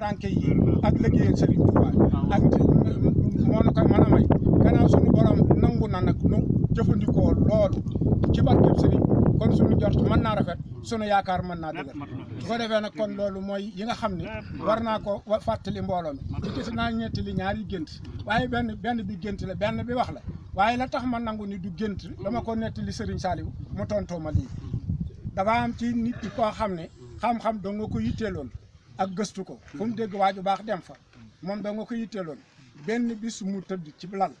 ranke yi ak liggéeyal Serigne Touba ak moo na koy mën a may gannaaw suñu borom nangu na nag nu jëfandikoo loolu ci barkeb Serigne kon suñu jort mën naa rafet sunu yaakaar mën naa dëgër su ko defee kon loolu mooy yi nga xam ne war naa ko fàttali mbooloo mi gis naa ñetti li ñaari gént waaye benn benn bi gént la benn bi wax la waaye la tax man nangu ni du gént dama ko nettali Serigne Saliou mu tontoo ma lii dafa am ci nit ki koo xam ne xam-xam dong nga ko yitteeloon ak gëstu ko fu mu dégg waaju baax dem fa moom da nga ko yitteeloon benn bis mu tëdd ci lal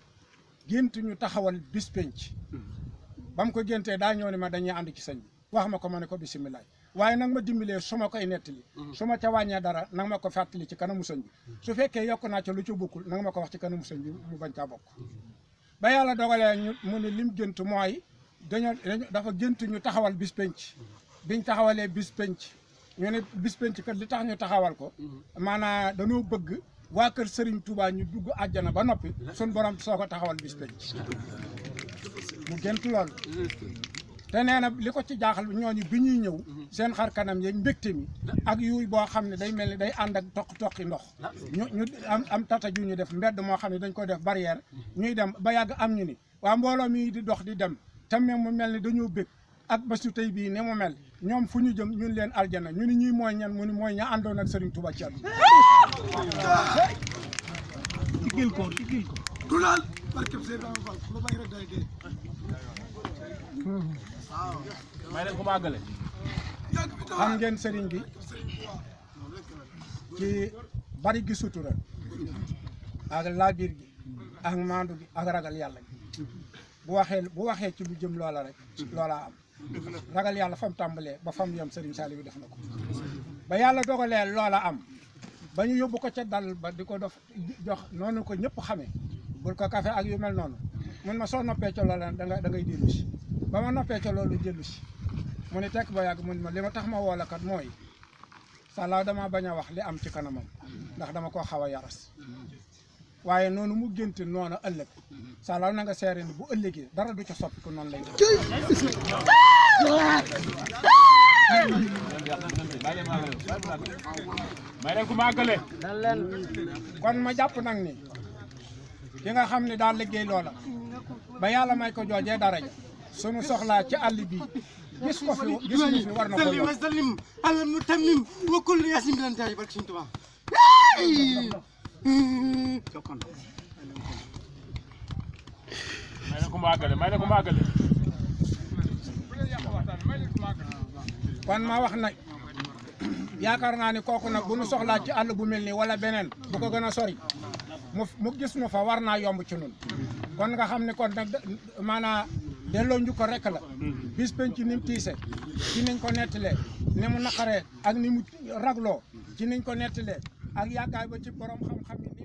gént ñu taxawal bis penc ba ko géntee daa ñëw ne ma dañuy ànd ci sëñ wax ma ko ma ne ko bisimilah waaye nag ma dimbalee su ma koy nettili mm-hmm. su ma ca wàññee dara nag ma ko fàttali ci kanamu sëñ bi su fekkee yokk naa ca lu ca bokkul nag ma ko wax ci kanamu sëñ bi mu bañ caa bokk ba yàlla dogalee ñu mu ne lim gént mooy dañoo dafa gént ñu taxawal bis penc biñ taxawalee bis penc ñene ne bis penc kat li tax ñu taxawal ko mana dañu bëgg wa kër Serigne Touba ñu dugg aljana ba nopi sun borom soko taxawal bis penc mu gént lool té néna liko ci jaaxal ñooñu seen xar kanam mbekté mi ak yuy bo day mel day andak ak tok toqi ndox ñu am am tata ju ñu def mbedd mo xam dañ ko def barrière ñuy dem ba yag am ñu ni wa mbolo mi di dox di dem tamé mu melni dañu bëgg ak bésu tey bii ni mu mel ñoom fu ñu jëm ñun leen aljana ñu ni ñuy mooy ñan mu ni mooy ña àndoon ak Serigne Touba ci ko digil ko dulal barke Seydou Ibrahima Fall lu rek day dee may bi ci bari gi sutura ak laabir gi ak maandu gi ak bu waxee ci lu jëm loola rek loola am ragal yàlla fam tàmbalee ba fam yem Serigne Saliou def na ko ba yàlla dogalee loola am ba ñu yóbbu ko ca dal ba di ko dof jox noonu ko ñëpp xamee bul ko kafe ak yu mel noonu mun ma soo noppee ca loola da nga da ba ma noppee ca loolu dellu si mu ne tekk ba yàgg mun ma li ma tax ma woola kat mooy sàllaaw dama bañ a wax li am ci kanamam ndax dama koo xaw a yaras waaye noonu mu génte noonu ëllëg salah na nga seere lagi bu ëllëgee dara du lagi. soppi ko lay kon ma ni ki nga ba may ko dara ci gis ko fi gis war na ko mu tammim mu àggale may na ko kon ma wax nag yaakaar naa ni kooku nag bu nu soxlaa ci àll bu mel nii wala beneen bu ko gën a sori mu mu gis nu fa war naa yomb ci nun kon nga xam ne kon nag maanaa delloo njukkal rek la bis penc ci tiise ci ko nettalee ni mu ak ni mu ragloo ci ko nettalee ak yaakaar ba ci borom xam-xam yi